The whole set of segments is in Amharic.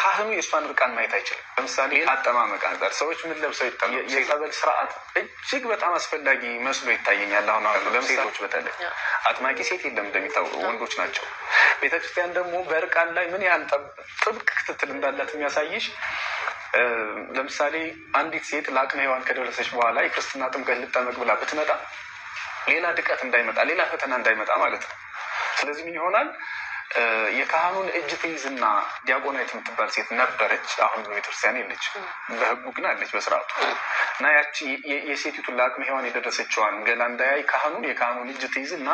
ካህኑ የእሷን እርቃን ማየት አይችልም። ለምሳሌ አጠማመቅ አንጻር ሰዎች ምን ለብሰው ይጠ የጸበል ስርዓት እጅግ በጣም አስፈላጊ መስሎ ይታየኛል። አሁን ለሴቶች በተለይ አጥማቂ ሴት የለም፣ እንደሚታወቁ ወንዶች ናቸው። ቤተክርስቲያን ደግሞ በእርቃን ላይ ምን ያህል ጥብቅ ክትትል እንዳላት የሚያሳይሽ ለምሳሌ አንዲት ሴት ለአቅመ ሔዋን ከደረሰች በኋላ የክርስትና ጥምቀት ልጠመቅ ብላ ብትመጣ ሌላ ድቀት እንዳይመጣ፣ ሌላ ፈተና እንዳይመጣ ማለት ነው። ስለዚህ ምን ይሆናል? የካህኑን እጅ ትይዝና ዲያቆናይት የምትባል ሴት ነበረች። አሁን ቤተክርስቲያን የለች፣ በህጉ ግን አለች በስርዓቱ እና ያቺ የሴቲቱን ለአቅመ ሔዋን የደረሰችዋን ገላ እንዳያይ ካህኑን የካህኑን እጅ ትይዝና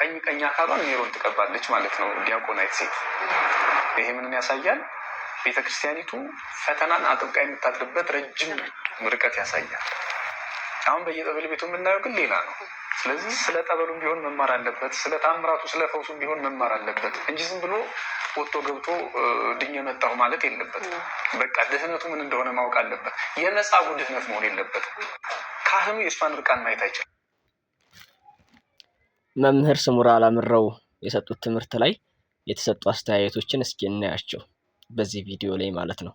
ቀኝ ቀኝ አካሏን ሜሮን ትቀባለች ማለት ነው ዲያቆናይት ሴት። ይሄ ምንን ያሳያል? ቤተክርስቲያኒቱ ፈተናን አጥብቃ የምታጥርበት ረጅም ርቀት ያሳያል። አሁን በየጠበል ቤቱ የምናየው ግን ሌላ ነው። ስለዚህ ስለ ጠበሉም ቢሆን መማር አለበት፣ ስለ ታምራቱ ስለ ፈውሱም ቢሆን መማር አለበት እንጂ ዝም ብሎ ወጥቶ ገብቶ ድኜ መጣሁ ማለት የለበትም። በቃ ድህነቱ ምን እንደሆነ ማወቅ አለበት። የመጻጉ ድህነት መሆን የለበትም። ካህኑ የእሷን እርቃን ማየት አይችልም። መምህር ስሙራ አላምረው የሰጡት ትምህርት ላይ የተሰጡ አስተያየቶችን እስኪ እናያቸው በዚህ ቪዲዮ ላይ ማለት ነው።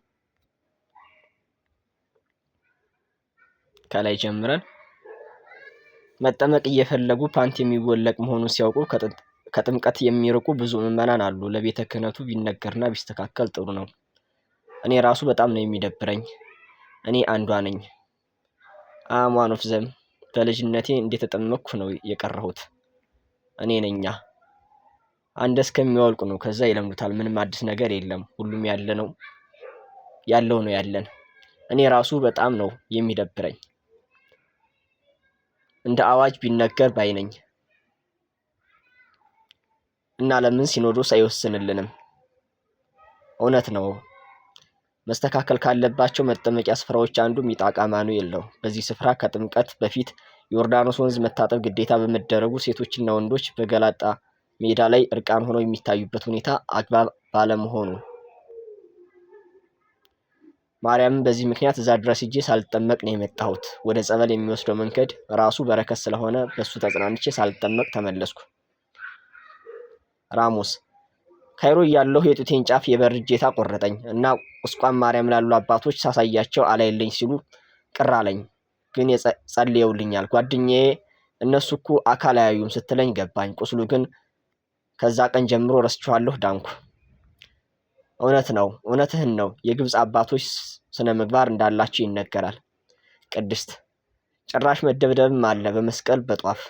ከላይ ጀምረን መጠመቅ እየፈለጉ ፓንት የሚወለቅ መሆኑን ሲያውቁ ከጥምቀት የሚርቁ ብዙ ምዕመናን አሉ። ለቤተ ክህነቱ ቢነገርና ቢስተካከል ጥሩ ነው። እኔ ራሱ በጣም ነው የሚደብረኝ። እኔ አንዷ ነኝ። አማኖፍ ዘም በልጅነቴ እንደተጠመቅኩ ነው የቀረሁት። እኔ ነኛ አንድ እስከሚያወልቁ ነው። ከዛ ይለምዱታል። ምንም አዲስ ነገር የለም። ሁሉም ያለ ነው ያለው ነው ያለን። እኔ ራሱ በጣም ነው የሚደብረኝ። እንደ አዋጅ ቢነገር ባይ ነኝ። እና ለምን ሲኖዶስ አይወስንልንም? እውነት ነው። መስተካከል ካለባቸው መጠመቂያ ስፍራዎች አንዱ ሚጣቃ ማኑኤል ነው። በዚህ ስፍራ ከጥምቀት በፊት ዮርዳኖስ ወንዝ መታጠብ ግዴታ በመደረጉ ሴቶችና ወንዶች በገላጣ ሜዳ ላይ እርቃን ሆነው የሚታዩበት ሁኔታ አግባብ ባለመሆኑ ማርያም በዚህ ምክንያት እዛ ድረስ እጄ ሳልጠመቅ ነው የመጣሁት። ወደ ጸበል የሚወስደው መንገድ ራሱ በረከት ስለሆነ በሱ ተጽናንቼ ሳልጠመቅ ተመለስኩ። ራሞስ ካይሮ እያለሁ የጡቴን ጫፍ የበር እጀታ ቆረጠኝ እና ቁስቋም ማርያም ላሉ አባቶች ሳሳያቸው አላየለኝ ሲሉ ቅር አለኝ። ግን ጸልየውልኛል። ጓደኛዬ እነሱ እኮ አካል አያዩም ስትለኝ ገባኝ። ቁስሉ ግን ከዛ ቀን ጀምሮ ረስችኋለሁ፣ ዳንኩ። እውነት ነው፣ እውነትህን ነው። የግብፅ አባቶች ስነ ምግባር እንዳላቸው ይነገራል። ቅድስት ጭራሽ መደብደብም አለ በመስቀል በጧፍ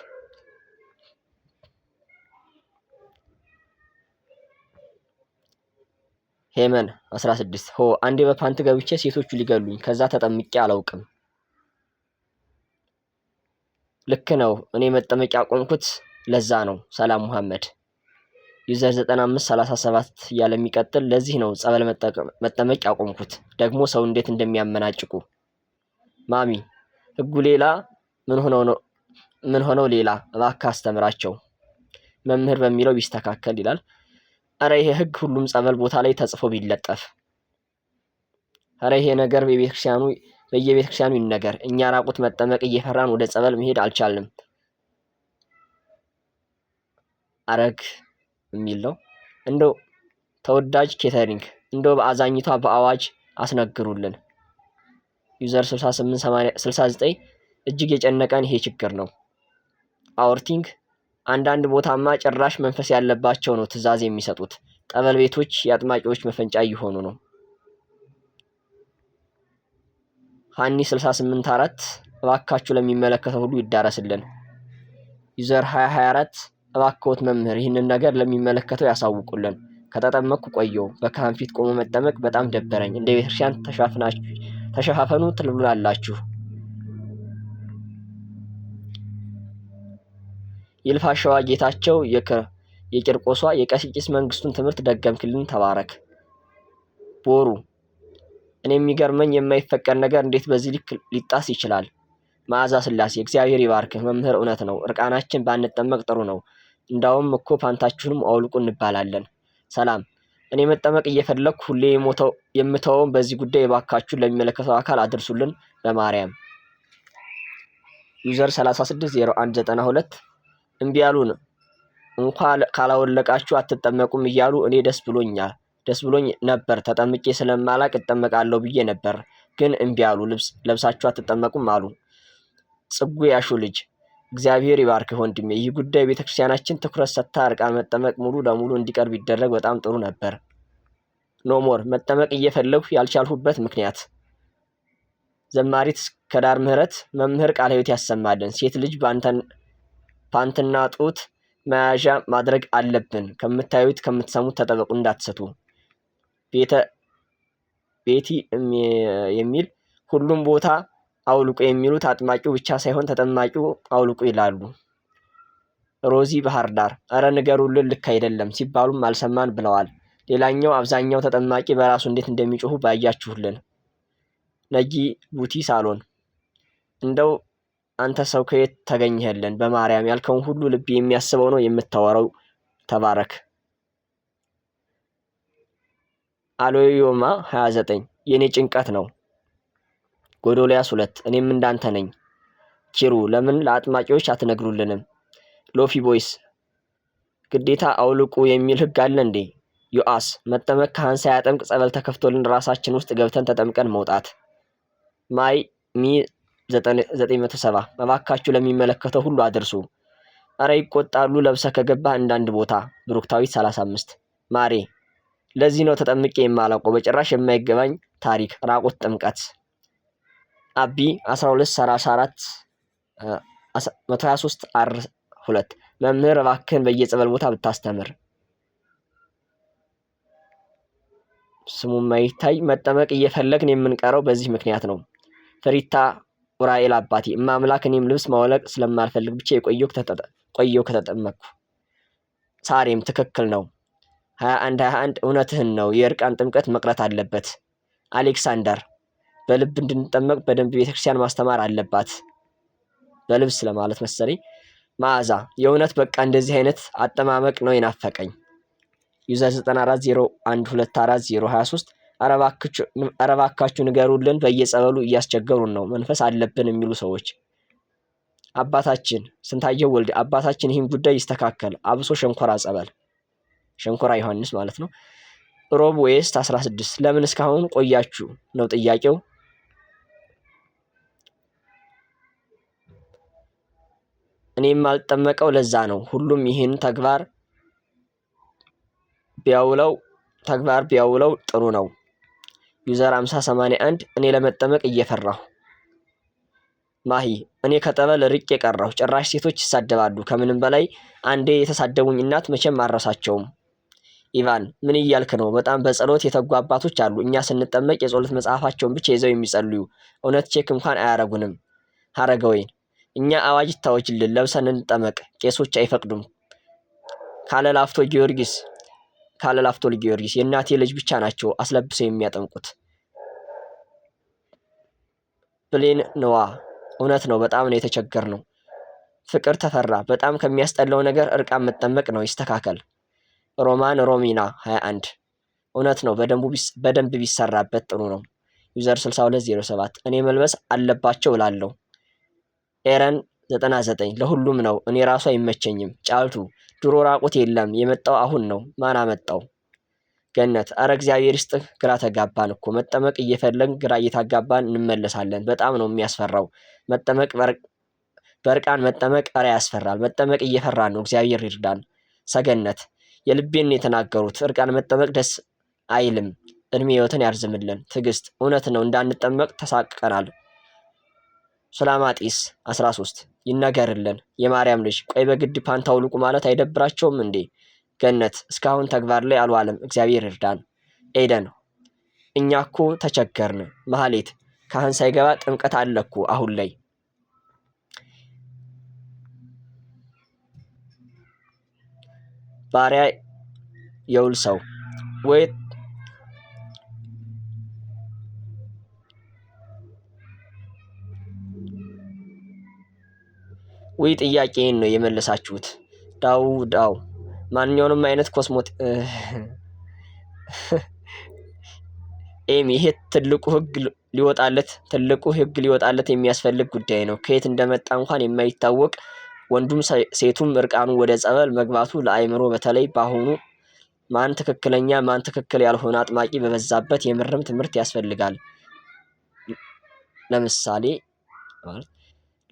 ሄመን 16 ሆ አንዴ በፓንት ገብቼ ሴቶቹ ሊገሉኝ ከዛ ተጠምቄ አላውቅም። ልክ ነው። እኔ መጠመቂያ ቆምኩት ለዛ ነው። ሰላም ሙሐመድ ዩዘር 9537 እያለ የሚቀጥል ለዚህ ነው ጸበል መጠመቅ ያቆምኩት። ደግሞ ሰው እንዴት እንደሚያመናጭቁ ማሚ ህጉ ሌላ ምን ሆነው ሌላ እባክህ አስተምራቸው መምህር በሚለው ቢስተካከል ይላል። አረ ይሄ ህግ ሁሉም ጸበል ቦታ ላይ ተጽፎ ቢለጠፍ። አረ ይሄ ነገር በቤተክርስቲያኑ በየቤተክርስቲያኑ ይነገር። እኛ ራቁት መጠመቅ እየፈራን ወደ ጸበል መሄድ አልቻልንም። አረግ የሚል ነው። እንደው ተወዳጅ ኬተሪንግ እንደው በአዛኝቷ በአዋጅ አስነግሩልን። ዩዘር 6869 እጅግ የጨነቀን ይሄ ችግር ነው። አውርቲንግ አንዳንድ ቦታማ ጭራሽ መንፈስ ያለባቸው ነው ትዕዛዝ የሚሰጡት። ጠበል ቤቶች የአጥማቂዎች መፈንጫ እየሆኑ ነው። ሀኒ 684 እባካችሁ ለሚመለከተው ሁሉ ይዳረስልን። ዩዘር 224 እባክዎት መምህር ይህንን ነገር ለሚመለከተው ያሳውቁልን። ከተጠመቅኩ ቆየው በካህን ፊት ቆሞ መጠመቅ በጣም ደበረኝ። እንደ ቤተክርስቲያን ተሸፋፈኑ ትሉላላችሁ። ይልፋሸዋ ጌታቸው የቂርቆሷ የቀስቂስ መንግስቱን ትምህርት ደገምክልን፣ ተባረክ። ቦሩ እኔ የሚገርመኝ የማይፈቀድ ነገር እንዴት በዚህ ልክ ሊጣስ ይችላል? መዓዛ ስላሴ እግዚአብሔር ይባርክህ መምህር፣ እውነት ነው። እርቃናችን ባንጠመቅ ጥሩ ነው። እንዳውም እኮ ፋንታችሁንም አውልቁ እንባላለን። ሰላም እኔ መጠመቅ እየፈለግኩ ሁሌ የምተወውን በዚህ ጉዳይ የባካችሁን ለሚመለከተው አካል አድርሱልን በማርያም። ዩዘር 360192 እምቢ ያሉን እንኳ ካላወለቃችሁ አትጠመቁም እያሉ እኔ ደስ ብሎኛ ደስ ብሎኝ ነበር። ተጠምቄ ስለማላቅ እጠመቃለሁ ብዬ ነበር፣ ግን እምቢ አሉ። ልብስ ለብሳችሁ አትጠመቁም አሉ። ጽጉ ያሹ ልጅ እግዚአብሔር ይባርክህ ወንድሜ። ይህ ጉዳይ ቤተክርስቲያናችን ትኩረት ሰጥታ አርቃ መጠመቅ ሙሉ ለሙሉ እንዲቀርብ ይደረግ በጣም ጥሩ ነበር። ኖሞር መጠመቅ እየፈለጉ ያልቻልሁበት ምክንያት ዘማሪት ከዳር ምህረት መምህር ቃለ ሕይወት ያሰማልን። ሴት ልጅ ፓንትና ጡት መያዣ ማድረግ አለብን። ከምታዩት ከምትሰሙት ተጠበቁ እንዳትሰቱ ቤቲ የሚል ሁሉም ቦታ አውልቁ የሚሉት አጥማቂው ብቻ ሳይሆን ተጠማቂው አውልቁ ይላሉ። ሮዚ ባህር ዳር እረ ንገሩልን ልክ አይደለም ሲባሉም አልሰማን ብለዋል። ሌላኛው አብዛኛው ተጠማቂ በራሱ እንዴት እንደሚጮሁ ባያችሁልን። ነጊ ቡቲ ሳሎን እንደው አንተ ሰው ከየት ተገኘህልን? በማርያም ያልከውን ሁሉ ልብ የሚያስበው ነው የምታወራው። ተባረክ። አሎዮማ 29 የእኔ ጭንቀት ነው። ጎዶልያስ ሁለት እኔም እንዳንተ ነኝ። ኪሩ ለምን ለአጥማቂዎች አትነግሩልንም? ሎፊ ቦይስ ግዴታ አውልቁ የሚል ህግ አለ እንዴ? ዮአስ መጠመቅ ካህን ሳያጠምቅ ጸበል ተከፍቶልን ራሳችን ውስጥ ገብተን ተጠምቀን መውጣት። ማይ ሚ 970 እባካችሁ ለሚመለከተው ሁሉ አድርሱ። አረ ይቆጣሉ ለብሰ ከገባ እንዳንድ ቦታ። ብሩክታዊት 35 ማሬ ለዚህ ነው ተጠምቄ የማላውቀው በጭራሽ የማይገባኝ ታሪክ ራቁት ጥምቀት አቢ 1234 123 አር 2 መምህር እባክህን በየጸበል ቦታ ብታስተምር ስሙ ማይታይ መጠመቅ እየፈለግን የምንቀረው በዚህ ምክንያት ነው። ፍሪታ ኡራኤል አባቴ እማ አምላክ እኔም ልብስ ማውለቅ ስለማልፈልግ ብቻ ቆየው ከተጠመኩ። ሳሬም ትክክል ነው። 21 21 እውነትህን ነው። የእርቃን ጥምቀት መቅረት አለበት። አሌክሳንደር በልብ እንድንጠመቅ በደንብ ቤተክርስቲያን ማስተማር አለባት። በልብስ ለማለት መሰለኝ። መዓዛ የእውነት በቃ እንደዚህ አይነት አጠማመቅ ነው የናፈቀኝ። ዩዘር 9401240223 አረባካችሁ ንገሩልን። በየጸበሉ እያስቸገሩን ነው። መንፈስ አለብን የሚሉ ሰዎች አባታችን ስንታየው ወልድ አባታችን ይህን ጉዳይ ይስተካከል። አብሶ ሸንኮራ ጸበል ሸንኮራ ዮሐንስ ማለት ነው። ሮብ ዌስት 16 ለምን እስካሁን ቆያችሁ ነው ጥያቄው። እኔም አልጠመቀው ለዛ ነው። ሁሉም ይህን ተግባር ቢያውለው ተግባር ቢያውለው ጥሩ ነው። ዩዘር 581 እኔ ለመጠመቅ እየፈራሁ ማሂ እኔ ከጠበል ርቅ የቀረሁ ጭራሽ ሴቶች ይሳደባሉ። ከምንም በላይ አንዴ የተሳደቡኝ እናት መቼም አረሳቸውም። ኢቫን ምን እያልክ ነው? በጣም በጸሎት የተጉ አባቶች አሉ። እኛ ስንጠመቅ የጸሎት መጽሐፋቸውን ብቻ ይዘው የሚጸልዩ እውነት ቼክ እንኳን አያረጉንም። ሀረገወይን እኛ አዋጅ ይታወጅልን ለብሰን እንጠመቅ ቄሶች አይፈቅዱም። ካለ ላፍቶ ጊዮርጊስ ካለ ላፍቶ ጊዮርጊስ የእናቴ ልጅ ብቻ ናቸው አስለብሰው የሚያጠምቁት። ብሌን ነዋ። እውነት ነው። በጣም ነው የተቸገር ነው። ፍቅር ተፈራ በጣም ከሚያስጠላው ነገር እርቃ መጠመቅ ነው። ይስተካከል። ሮማን ሮሚና 21 እውነት ነው። በደንብ ቢሰራበት ጥሩ ነው። ዩዘር 6207 እኔ መልበስ አለባቸው እላለሁ። ኤረን 99 ለሁሉም ነው። እኔ ራሱ አይመቸኝም። ጫልቱ ድሮ ራቁት የለም የመጣው አሁን ነው። ማን አመጣው? ገነት አረ እግዚአብሔር ይስጥህ። ግራ ተጋባን እኮ መጠመቅ እየፈለግን ግራ እየታጋባን እንመለሳለን። በጣም ነው የሚያስፈራው መጠመቅ። በርቃን መጠመቅ አረ ያስፈራል። መጠመቅ እየፈራ ነው። እግዚአብሔር ይርዳን። ሰገነት የልቤን የተናገሩት እርቃን መጠመቅ ደስ አይልም። እድሜ ህይወትን ያርዝምልን። ትዕግስት እውነት ነው። እንዳንጠመቅ ተሳቅቀናል። ሱላማጢስ 13 ይነገርልን የማርያም ልጅ ቆይ በግድ ፓንታ ውልቁ ማለት አይደብራቸውም እንዴ? ገነት እስካሁን ተግባር ላይ አልዋለም። እግዚአብሔር እርዳን። ኤደን እኛ እኮ ተቸገርን። መሐሌት ካህን ሳይገባ ጥምቀት አለኩ አሁን ላይ ባሪያ የውል ሰው ወይ ውይ ጥያቄን ነው የመለሳችሁት። ዳው ዳው ማንኛውንም አይነት ኮስሞት ኤም ይሄ ትልቁ ህግ ሊወጣለት ትልቁ ህግ ሊወጣለት የሚያስፈልግ ጉዳይ ነው። ከየት እንደመጣ እንኳን የማይታወቅ ወንዱም ሴቱም እርቃኑ ወደ ጸበል መግባቱ ለአይምሮ በተለይ በአሁኑ ማን ትክክለኛ ማን ትክክል ያልሆነ አጥማቂ በበዛበት የምርም ትምህርት ያስፈልጋል። ለምሳሌ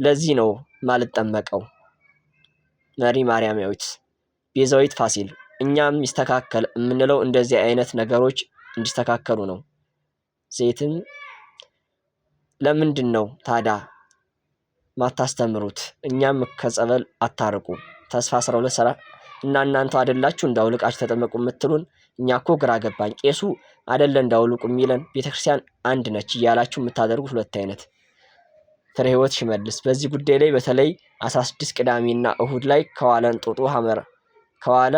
ለዚህ ነው ማልጠመቀው መሪ ማርያማዊት ቤዛዊት ፋሲል እኛም ይስተካከል የምንለው እንደዚህ አይነት ነገሮች እንዲስተካከሉ ነው። ሴትም ለምንድን ነው ታዳ ማታስተምሩት? እኛም ከጸበል አታርቁ ተስፋ ሁለት ሰራ እና እናንተ አደላችሁ እንዳውልቃችሁ ተጠመቁ የምትሉን እኛ እኮ ግራ ገባኝ። ቄሱ አደለ እንዳውልቁ የሚለን ቤተክርስቲያን አንድ ነች እያላችሁ የምታደርጉት ሁለት አይነት ፍሬ ህይወት ሽመልስ በዚህ ጉዳይ ላይ በተለይ 16 ቅዳሜና እሁድ ላይ ከዋለ እንጦጦ ሐመረ ከዋለ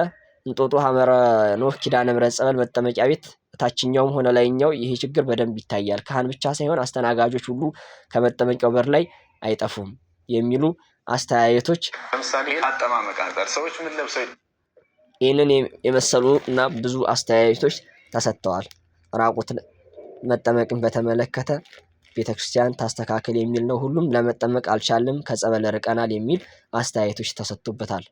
እንጦጦ ሐመረ ኖህ ኪዳነ ምህረት ጸበል መጠመቂያ ቤት ታችኛውም ሆነ ላይኛው ይሄ ችግር በደንብ ይታያል። ካህን ብቻ ሳይሆን አስተናጋጆች ሁሉ ከመጠመቂያው በር ላይ አይጠፉም የሚሉ አስተያየቶች ለምሳሌ አጠማመቅ አንጻር ሰዎች ምን ለብሰው ይህንን የመሰሉ እና ብዙ አስተያየቶች ተሰጥተዋል። ራቁት መጠመቅን በተመለከተ ቤተክርስቲያን ታስተካክል የሚል ነው። ሁሉም ለመጠመቅ አልቻልም ከጸበል ርቀናል የሚል አስተያየቶች ተሰጥቶበታል